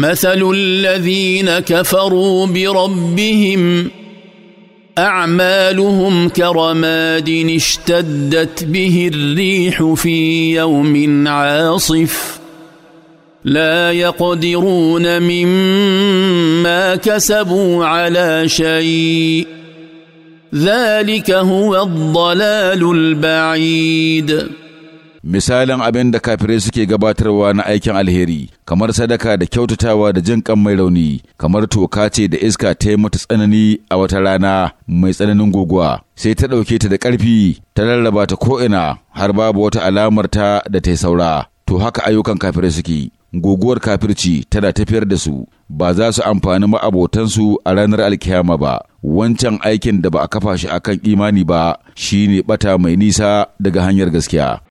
مثل الذين كفروا بربهم اعمالهم كرماد اشتدت به الريح في يوم عاصف لا يقدرون مما كسبوا على شيء ذلك هو الضلال البعيد misalin abin da kafirai suke gabatarwa na aikin alheri kamar sadaka da kyautatawa da jin kan mai rauni kamar toka ce da iska ta yi mata tsanani a wata rana mai tsananin guguwa sai ta ɗauke ta da ƙarfi ta rarraba ta ko'ina har babu wata alamar ta da ta saura to haka ayyukan kafirai suke guguwar kafirci tana tafiyar da su ba za su amfani ma'abotansu a ranar alkiyama ba wancan aikin da ba a kafa shi akan imani ba shine bata mai nisa daga hanyar gaskiya